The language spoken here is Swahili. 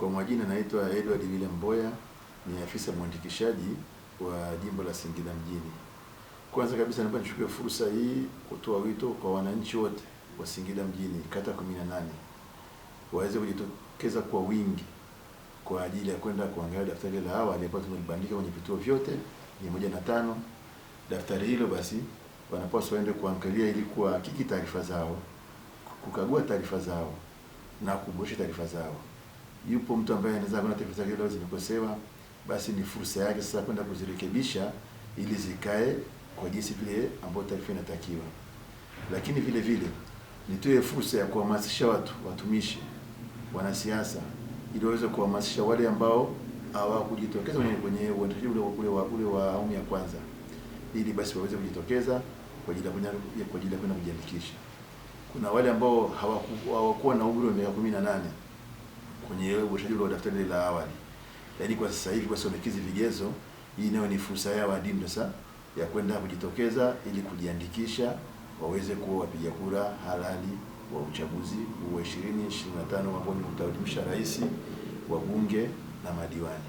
Kwa majina naitwa Edward William Mboya, ni afisa mwandikishaji wa jimbo la Singida mjini. Kwanza kabisa naomba nichukue fursa hii kutoa wito kwa wananchi wote wa Singida mjini kata 18 waweze kujitokeza kwa wingi kwa ajili ya kwenda kuangalia daftari la awali ambalo tumelibandika kwenye vituo vyote mia moja na tano. Daftari hilo basi wanapaswa waende kuangalia ili kuhakiki taarifa zao, kukagua taarifa zao na kuboresha taarifa zao yupo mtu ambaye anaweza kuona taarifa zake leo zimekosewa, basi ni fursa yake sasa kwenda kuzirekebisha ili zikae kwa jinsi vile ambayo taarifa inatakiwa. Lakini vile vile nitoe fursa ya kuhamasisha watu, watumishi, wanasiasa, ili waweze kuhamasisha wale ambao hawakujitokeza kwenye uandikishaji ule wa ule wa awamu ya kwanza, ili basi waweze kujitokeza kwa ajili ya kwa ajili ya kwenda kujiandikisha. Kuna wale ambao hawakuwa na umri wa miaka 18 kwenye uboreshaji ule wa daftari la awali. Yaani kwa sasa hivi kwa sababu wamekizi vigezo, hii nayo ni fursa yao adimu sasa ya kwenda kujitokeza ili kujiandikisha waweze kuwa wapiga kura halali wa uchaguzi wa 2025 ambao ni utaudimisha rais, wabunge na madiwani.